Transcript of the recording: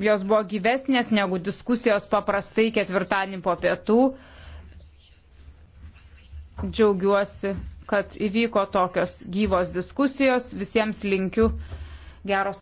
jos buvo gyvesnės negu diskusijos paprastai ketvirtadienį po pietų. Džiaugiuosi, kad įvyko tokios gyvos diskusijos. Visiems linkiu geros.